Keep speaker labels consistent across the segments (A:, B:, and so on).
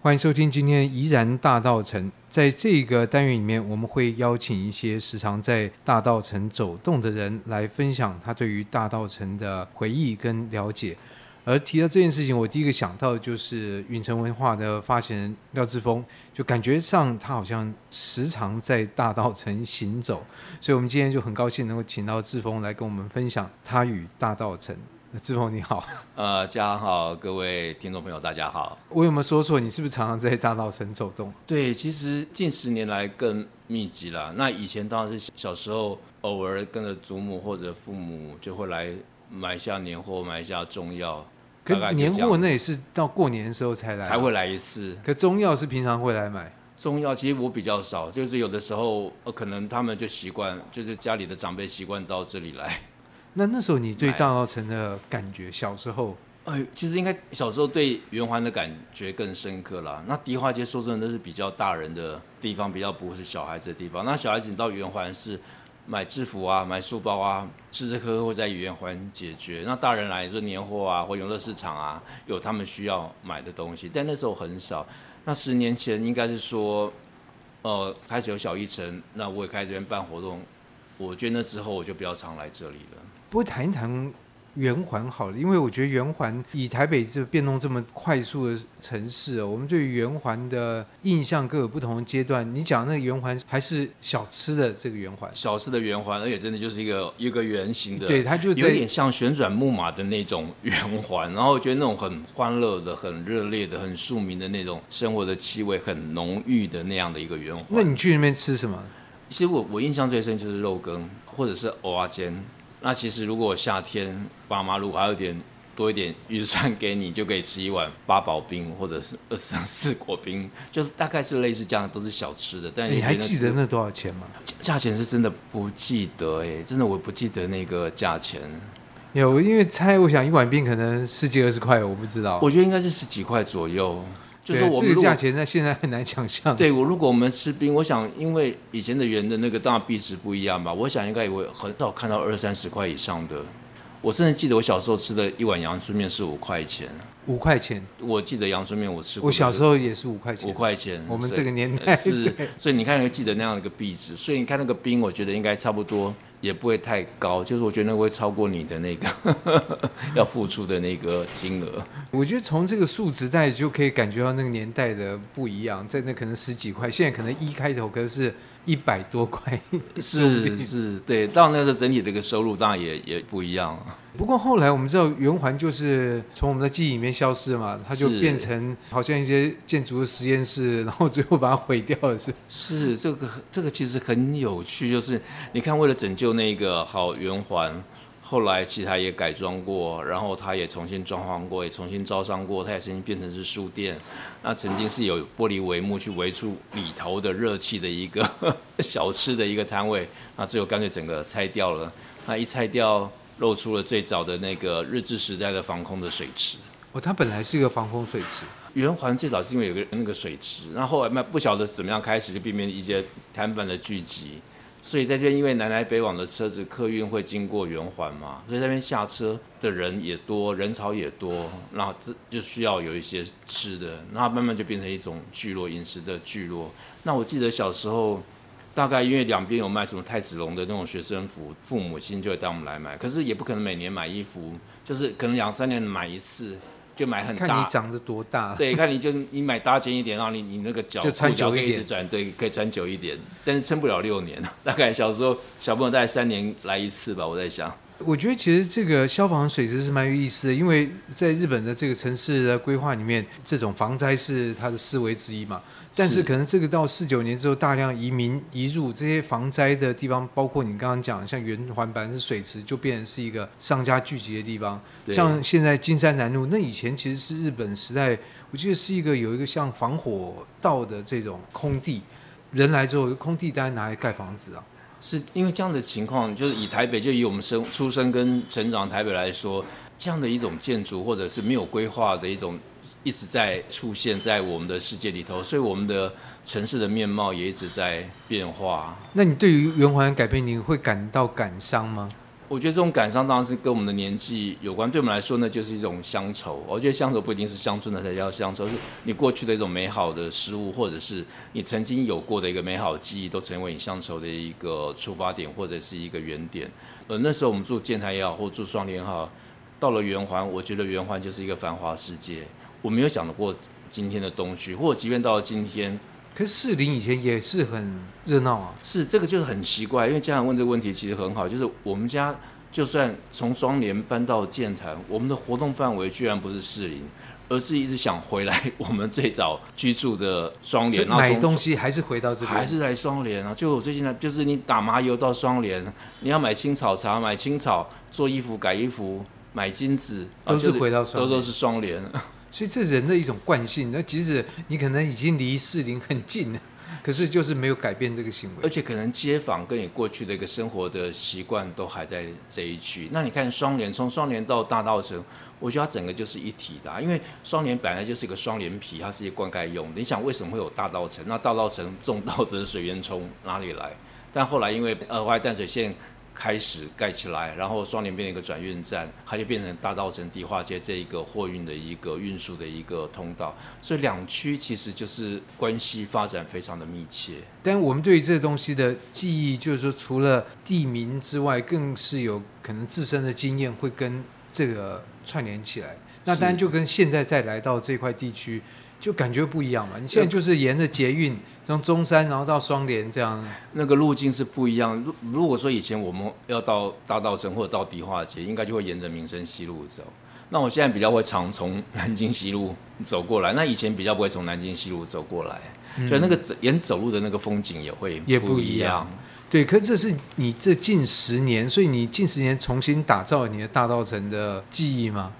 A: 歡迎收聽今天怡然大稻埕，在這個單元裡面，我們會邀請一些時常在大稻埕走動的人來分享他對於大稻埕的回憶跟了解。而提到這件事情，我第一個想到的就是允晨文化的發行人廖志峰，就感覺上他好像時常在大稻埕行走，所以我們今天就很高興能夠請到志峰來跟我們分享他與大稻埕。志峰你好，
B: 呃，家好，各位聽眾朋友大家好。
A: 我有沒有說錯？你是不是常常在大稻埕走動？
B: 對，其實近十年來更密集了。那以前當然是小時候偶爾跟着祖母或者父母就會來買一下年貨，買一下中藥。可年貨那
A: 也是到過年的時候才來啊，才會
B: 來一次。
A: 可中藥是平常會來買。
B: 中藥其實我比較少，就是有的時候可能他們就習慣，就是家裡的長輩習慣到這裡來。
A: 那那時候你對大稻埕的感覺，了小時候，
B: 哎，其實應該小時候對圓環的感覺更深刻啦。那迪化街說真的，都是比較大人的地方，比較不是小孩子的地方。那小孩子你到圓環是買制服啊、買書包啊、吃吃喝喝會在圓環解決。那大人來說年貨啊或永樂市場啊，有他們需要買的東西，但那時候很少。那十年前應該是說，呃，開始有小城外，那我也開始這邊辦活動，我覺得那之後我就比較常來這裡了。
A: 不談一談圓環好了，因為我覺得圓環以台北這變動這麼快速的城市，哦，我們對圓環的印象各有不同的階段。你講那個圓環還是小吃的
B: 這個圓環？小吃的圓環，而且真的就是一個一個圓形的，對，它就有點像旋轉木馬的那種圓環。然後我覺得那種很歡樂的、很熱烈的、很庶民的那種生活的氣味很濃郁的那樣的一個圓環。
A: 那你去那邊吃什麼？
B: 其實我我印象最深就是肉羹，或者是蚵仔煎。那其實如果我夏天爸媽如果還有點多一點預算給你，就可以吃一碗八寶冰或者是二三四果冰，就是大概是類似這樣，都是小吃的。但你還記得、那個那個、
A: 那多少錢嗎？
B: 價錢是真的不記得誒，真的我不記得那個價錢。
A: 有，因為猜我想一碗冰可能十幾二十塊，我不知道。我覺得應該是
B: 十幾塊左右。就是我們這個價錢
A: 在現在很難想象
B: 對，我如果我們吃冰，我想因為以前的圓的那個大幣是不一樣吧，我想應該也會很少看到二三十塊以上的。我甚至記得我小時候吃的一碗陽春麵是五塊錢，
A: 五塊錢。
B: 我記得陽春麵我吃過五塊錢，我小時候也是五塊錢，五塊錢。我們這個年代是，所以你看，記得那樣的一個幣值，所以你看那個冰，我覺得應該差不多，也不會太高。就是我覺得不會超過你的那個 要付出的那個金額。
A: 我覺得從這個數值帶就可以感覺到那個年代的不一樣，在那可能十幾塊，現在可能一開頭可是。一百多塊，
B: 是是，對，到那時候整體這個收入當然也也不一樣了。
A: 不過後來我們知道圓環就是從我們的記憶裡面消失嘛，它就變成好像一些建築的實驗室，然後最後把它毀掉了。是是，這個
B: 這個其實很有趣，就是你看為了拯救那個好圓環。後來，其他也改裝過，然後他也重新裝潢過，也重新招商過，他也曾經變成是書店。那曾經是有玻璃帷幕去圍住裡頭的熱氣的一個小吃的一個攤位，那最後乾脆整個拆掉了。那一拆掉，露出了最早的那個日治時代的防空的水池。
A: 哦，它本來是一個防空水池。
B: 圓環最早是因為有個那個水池，那後來嘛，不曉得怎麼樣開始就變變成一些攤販的聚集。所以在這邊，因為南來北往的車子、客運會經過圓環嘛，所以那邊下車的人也多，人潮也多，那這就需要有一些吃的，那慢慢就變成一種聚落、飲食的聚落。那我記得小時候，大概因為兩邊有賣什麼太子龍的那種學生服，父母親就會帶我們來買，可是也不可能每年買衣服，就是可能兩三年買一次。就買很大，看你長得多大。對，看你就你買大件一點，然後你你那個腳，就穿腳可以一直轉，對，可以穿久一點，但是撐不了六年，大概小時候小朋友大概三年來一次吧，我在想。
A: 我覺得其實這個消防水池是蠻有意思的，因為在日本的這個城市的規劃裡面，這種防災是它的思維之一嘛。但是可能這個到四九年之後大量移民移入，這些防災的地方，包括你剛剛講像圓環版是水池，就變成是一個商家聚集的地方。啊、像現在金山南路，那以前其實是日本時代，我記得是一個有一個像防火道的這種空地，人來之後空地當然拿來蓋房子啊。
B: 是因為這樣的情況，就是以台北，就以我們生出生跟成長台北來說，這樣的一種建築或者是沒有規劃的一種，一直在出現在我們的世界裡頭，所以我們的城市的面貌也一直在變化。
A: 那你對於圓環改變，你會感到感傷嗎？
B: 我覺得這種感傷當然是跟我們的年紀有關，對我們來說，那就是一種鄉愁。我覺得鄉愁不一定是鄉村的才叫鄉愁，是你過去的一種美好的事物，或者是你曾經有過的一個美好記憶，都成為你鄉愁的一個出發點或者是一個原點。而那時候我們住劍潭也好，或住雙連也好，到了圓環，我覺得圓環就是一個繁華世界。我沒有想得過今天的東區，或者即便到了今天。可是士林以前也是很熱鬧啊？是，這個就是很奇怪，因為家恆問這個問題其實很好，就是我們家就算從雙連搬到劍潭，我們的活動範圍居然不是士林，而是一直想回來我們最早居住的雙連，買東西還是回到這裡？還是來雙連啊？就我最近呢，就是你打麻油到雙連，你要買青草茶、買青草、做衣服、改衣服、買金子，都是回到雙、就是，都都是雙連
A: 所以這人的一種慣性，那即使你可能已經離士林很近了，可是
B: 就是沒有改變這個行為。而且可能街坊跟你過去的一個生活的習慣都還在這一區。那你看雙連，從雙連到大稻埕，我覺得它整個就是一體的啊。因為雙連本來就是一個雙連埤，它是一個灌溉用。你想為什麼會有大稻埕？那大稻埕種稻子的水源從哪裡來？但後來因為破壞、呃、淡水線。開始蓋起來，然後雙連變成一個轉運站，它就變成大稻埕、迪化街這一個貨運的一個運輸的一個通道。所以兩區其實就是關係發展非常的密切。
A: 但我們對於這個東西的記憶，就是說除了地名之外，更是有可能自身的經驗會跟這個串聯起來。那當然就跟現在再來到這塊地區。就感覺不一樣嘛？你現在就是沿着捷運從對中山，然後到雙連這樣，
B: 那個路徑是不一樣。如如果說以前我們要到大稻埕或者到迪化街，應該就會沿着民生西路走。那我現在比較會常從南京西路走過來，那以前比較不會從南京西路走過來，嗯、所以那個沿走路的那個風景也會不也不一樣。
A: 對，可是這是你這近十年，所以你近十年重新打造你的大稻埕的記憶嗎？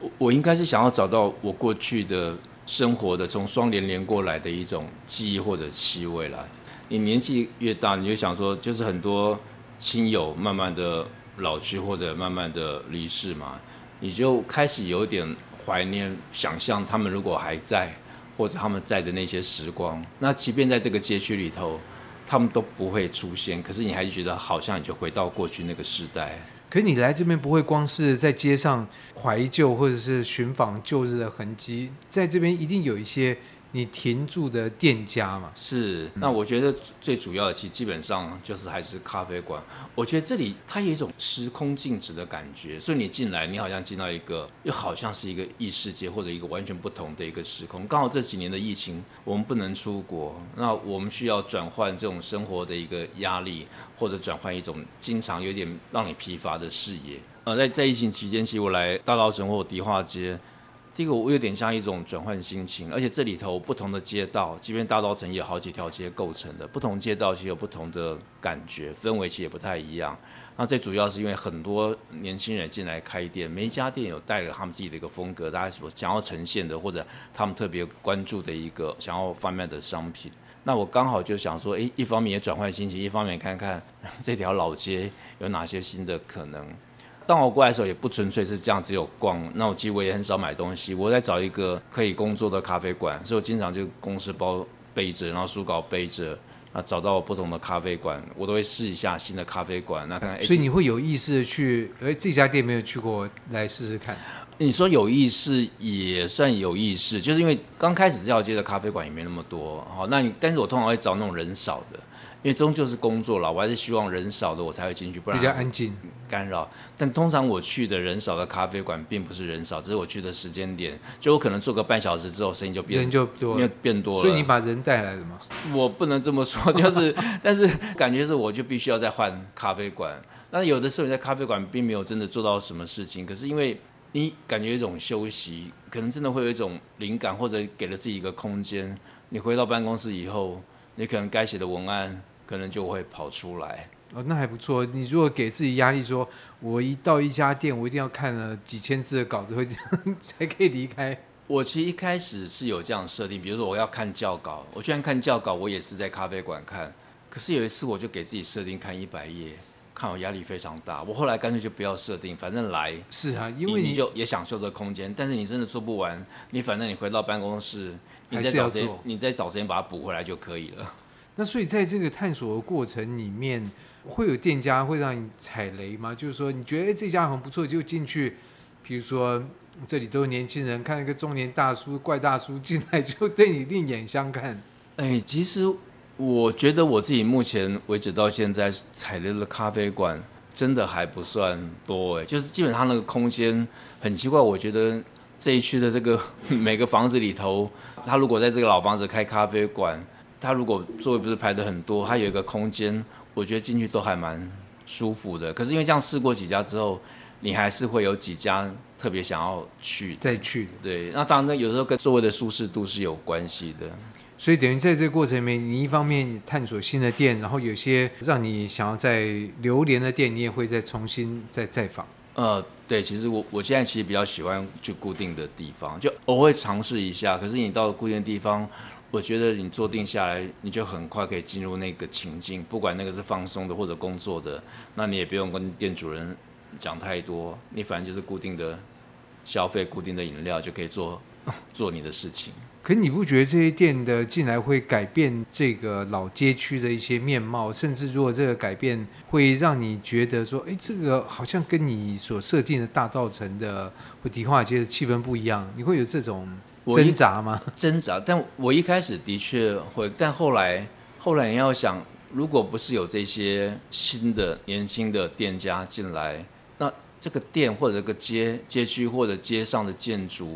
B: 我我應該是想要找到我過去的。生活的從雙連連過來的一種記憶或者氣味啦。你年紀越大，你就想說，就是很多親友慢慢的老去或者慢慢的離世嘛，你就開始有點懷念，想象他們如果還在，或者他們在的那些時光。那即便在這個街區裡頭，他們都不會出現，可是你還是覺得好像你就回到過去那個時代。
A: 可你來這邊不會光是在街上懷舊，或者是尋訪舊日的痕跡，在這邊一定有一些。
B: 你停駐的店家嘛，是那我覺得最主要的，其實基本上就是還是咖啡館。我覺得這裡它有一種時空靜止的感覺，所以你進來，你好像進到一個，又好像是一個異世界或者一個完全不同的一個時空。剛好這幾年的疫情，我們不能出國，那我們需要轉換這種生活的一個壓力，或者轉換一種經常有點讓你疲乏的視野。呃，在在疫情期間，其實我來大稻埕或迪化街。第一個，我有點像一種轉換心情，而且這裡頭不同的街道，即便大稻埕也有好幾條街構成的，不同街道其實有不同的感覺，氛圍其實也不太一樣。那最主要是因為很多年輕人進來開店，每一家店有帶了他們自己的一個風格，大家所想要呈現的，或者他們特別關注的一個想要販賣的商品。那我剛好就想說，欸，一方面也轉換心情，一方面看看這條老街有哪些新的可能。當我過來的時候，也不純粹是這樣，只有逛。那我其實我也很少買東西。我在找一個可以工作的咖啡館，所以我經常就公事包背着，然後書稿背着，啊，找到不同的咖啡館，我都會試一下新的咖啡館。那看，所以你會
A: 有意識的去，哎，這家店沒有去過，來
B: 試試看。你說有意識也算有意識，就是因為剛開始這條街的咖啡館也沒那麼多。好，那你但是我通常會找那種人少的。因為終究是工作了，我還是希望人少的我才會進去，不然比較安靜，干擾。但通常我去的人少的咖啡館，並不是人少，只是我去的時間點，就可能坐個半小時之後，聲音就變人就多了變多了，所以你把人帶來了嗎？我不能這麼說，就是，但是感覺是我就必須要再換咖啡館。但是有的時候你在咖啡館並沒有真的做到什麼事情，可是因為你感覺有一種休息，可能真的會有一種靈感，或者給了自己一個空間。你回到辦公室以後，你可能該寫的文案。可能就會跑出來
A: 哦，那還不錯。你如果給自己壓力說，說我一到一家店，我一定要看了幾千字的稿子，才才可以離開。
B: 我其實一開始是有這樣設定，比如說我要看教稿，我居然看教稿，我也是在咖啡館看。可是有一次，我就給自己設定看一百頁，看我壓力非常大。我後來乾脆就不要設定，反正來是啊，因為你，你，你就也享受這空間，但是你真的做不完，你反正你回到辦公室，你再找誰，你再找時間把它補回來就可以了。
A: 那所以在這個探索的過程裡面，會有店家會讓你踩雷嗎？就是說你覺得、欸、這家很不錯就進去，比如說這裡都是年輕人，看一個中年大叔、怪大叔進來就對你另眼相看。
B: 哎、欸，其實我覺得我自己目前為止到現在踩雷的咖啡館真的還不算多哎，就是基本上那個空間很奇怪，我覺得這一區的這個每個房子裡頭，他如果在這個老房子開咖啡館。他如果座位不是排得很多，他有一個空間，我覺得進去都還蠻舒服的。可是因為這樣試過幾家之後，你還是會有幾家特別想要去再去。對，那當然有時候跟座位的舒適度是有關係的。
A: 所以等於在這個過程裡面，你一方面探索新的店，然後有些讓你想要再流連的店，你也會再重新再再訪。
B: 呃，對，其實我我現在其實比較喜歡去固定的地方，就偶爾嘗試一下。可是你到了固定的地方。我覺得你坐定下來，你就很快可以進入那個情境，不管那個是放鬆的或者工作的，那你也不用跟店主人講太多，你反正就是固定的消費、固定的飲料就可以做做你的事情、嗯。
A: 可是你不覺得這些店的進來會改變這個老街區的一些面貌？甚至如果這個改變會讓你覺得說，哎、欸，這個好像跟你所設定的大稻埕的或迪，迪化街的氣氛不一樣，你會有這種？
B: 掙扎嗎？掙扎，但我一開始的確會，但後來，後來你要想，如果不是有這些新的年輕的店家進來，那這個店或者個街街區或者街上的建築。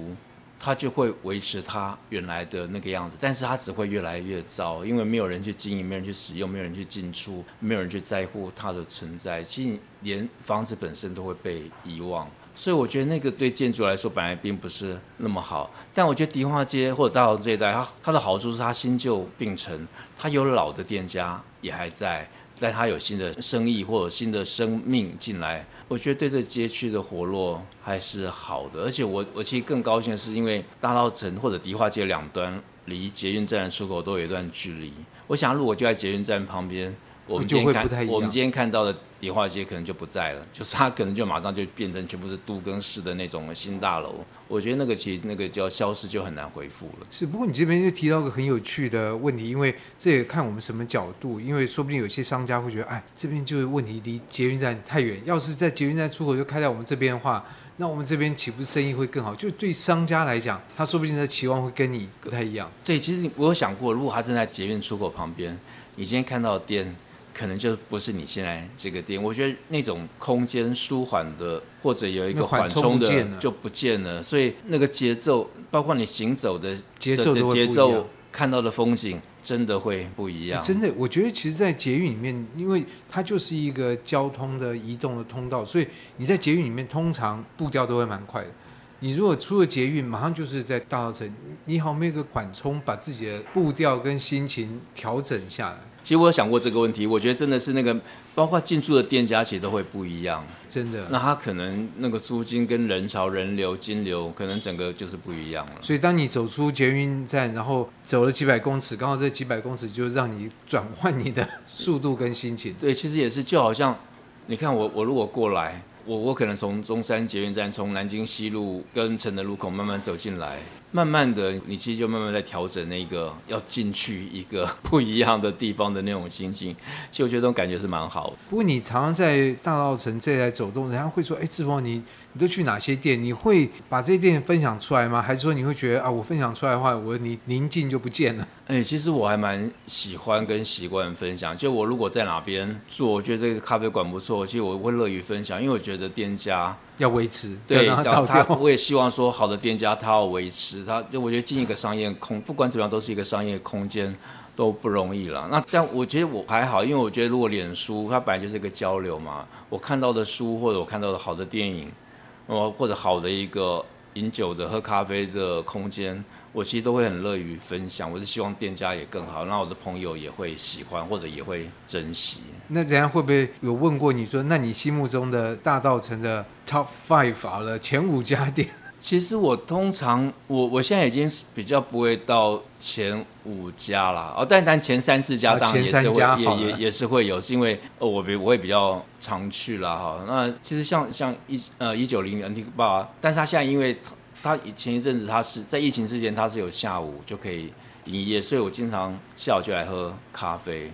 B: 它就會維持它原來的那個樣子，但是它只會越來越糟，因為沒有人去經營，沒有人去使用，沒有人去進出，沒有人去在乎它的存在。其實連房子本身都會被遺忘。所以我覺得那個對建築來說本來並不是那麼好。但我覺得迪化街或者大同這一帶，它、它的好處是它新舊並存，它有老的店家也還在。但他有新的生意或者新的生命進來，我覺得對這街區的活絡還是好的。而且我我其實更高興的是，因為大稻埕或者迪化街兩端離捷運站的出口都有一段距離。我想如果就在捷運站旁邊，我們就會不太一樣，我們今天看到的。迪化街可能就不在了，就是它可能就馬上就變成全部是都更式的那種新大樓。我覺得那個其實那個叫消失就很難恢復了。
A: 是，不過你這邊又提到一個很有趣的問題，因為這也看我們什麼角度，因為說不定有些商家會覺得，哎，這邊就是問題離捷運站太遠，要是在捷運站出口就開在我們這邊的話，那我們這邊豈不是生意會更好？就對商家來講，他說不定的期望會跟你不太一樣。對，其
B: 實你我有想過，如果他正在捷運出口旁邊，你今天看到的店，可能就不是你現在這個店，我覺得那種空間舒緩的，或者有一個緩衝的就不見了，所以那個節奏，包括你行走的節奏、節奏，看到的風景，真的會不一樣、欸。真
A: 的，我覺得其實，在捷運裡面，因為它就是一個交通的移動的通道，所以你在捷運裡面通常步調都會蠻快的。你如果出了捷運，馬上就是在大稻埕，你好沒有個緩衝，把自己的步調跟心情調整下
B: 來。其實我有想過這個問題，我覺得真的是那個，包括進駐的店家其實都會不一樣，真的。那他可能那個租金跟人潮人流、金流，可能整個就是不一樣
A: 了。所以當你走出捷運站，然後走
B: 了幾百公尺，剛好這幾百公尺就讓你轉換你的速度跟心情。對，其實也是，就好像你看我，我如果過來，我我可能從中山捷運站，從南京西路跟承德路口慢慢走進來。慢慢的，你其實就慢慢在調整那個要進去一個不一樣的地方的那種心境。其實我覺得這種感覺是蠻好的。
A: 不過你常常在大稻埕這來走動，人家會說：“哎、欸，志峰，你你都去哪些店？你會把這些店分享出來嗎？還是說你會覺得啊，我分享出來的話，我你寧靜就不
B: 見了？”哎、欸，其實我還蠻喜歡跟習慣分享。就我如果在哪邊做，我覺得這個咖啡館不錯，其實我會樂於分享，因為我覺得店家要維持，對，然後到他我也希望說好的店家他要維持。他，就我覺得進一個商業空，不管怎麼樣都是一個商業空間，都不容易了。那但我覺得我還好，因為我覺得如果臉書它本來就是一個交流嘛，我看到的書或者我看到的好的電影，哦，或者好的一個飲酒的喝咖啡的空間，我其實都會很樂於分享。我是希望店家也更好，那我的朋友也會喜歡或者也會珍惜。
A: 那人家會不會有問過你說，那你心目中的大稻埕的 top five 好了，前五
B: 家店？其實我通常我我現在已經比較不會到前五家了哦，但但前三四家當然也是會前三家也也也是會有，是因為、哦、我比我也比較常去啦哈。那其實像像一呃一九零零 Antique Bar，但是他現在因為他以前一陣子他是在疫情之前，他是有下午就可以營業，所以我經常下午就來喝咖啡。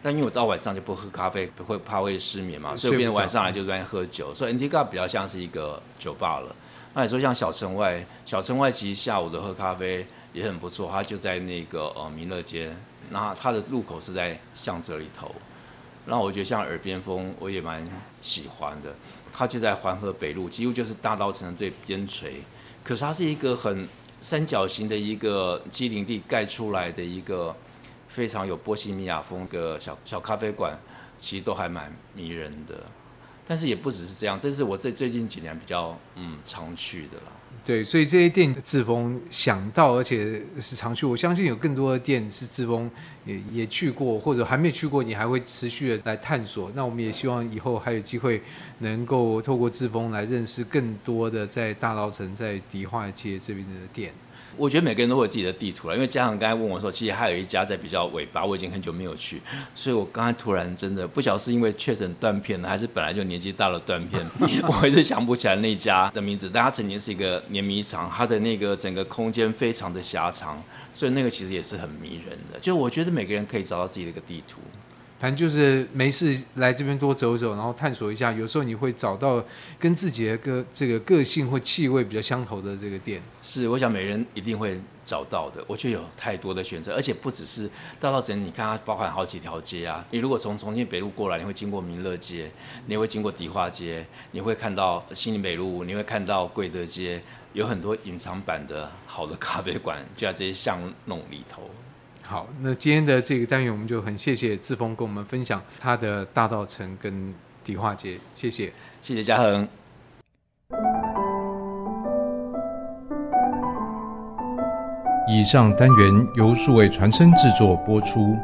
B: 但因為我到晚上就不喝咖啡，會怕會失眠嘛，所以變成晚上來就變喝、嗯、喝酒，所以 Antique Bar 比較像是一個酒吧了。那你說像小城外，小城外其實下午的喝咖啡也很不錯，它就在那個呃民樂街，那它的入口是在巷子裡頭。那我覺得像耳邊風，我也蠻喜歡的，它就在環河北路，幾乎就是大稻埕最邊陲，可是它是一個很三角形的一個畸零地蓋出來的一個非常有波西米亞風格小，小小咖啡館，其實都還蠻迷人的。但是也不只是這樣，這是我最最近幾年比較、嗯、常去的啦。
A: 對，所以這些店志峰想到，而且是常去，我相信有更多的店是志峰也也去過，或者還沒去過，你還會持續的來探索。那我們也希望以後還有機會能夠透過志峰來認識更多的在
B: 大稻埕、在迪化街這邊的店。我覺得每個人都有自己的地圖了，因為家恆剛才問我說，其實還有一家在比較尾巴，我已經很久沒有去，所以我剛才突然真的不曉得是因為確診斷片了，還是本來就年紀大了斷片，我一直想不起來那家的名字。但它曾經是一個碾米廠，它的那個整個空間非常的狹長，所以那個其實也是很迷人的。就我覺得每個人可以找到自己的一個地圖。
A: 反正就是沒事來這邊多走走，然後探索一下。有時候你會找到跟自己的個這個個性或
B: 氣味比較相投的這個店。是，我想每人一定會找到的。我覺得有太多的選擇，而且不只是大稻埕。你看它包含好幾條街啊。你如果從重慶北路過來，你會經過民樂街，你會經過迪化街，你會看到西寧北路，你會看到貴德街，有很多隱藏版的好的咖啡館就在這些巷弄裡頭。
A: 好，那今天的這個單元，我們就很謝謝志峰跟我們分享他的大稻埕跟迪化街，謝謝，謝謝家恆。以上單元由數位傳聲制作播出。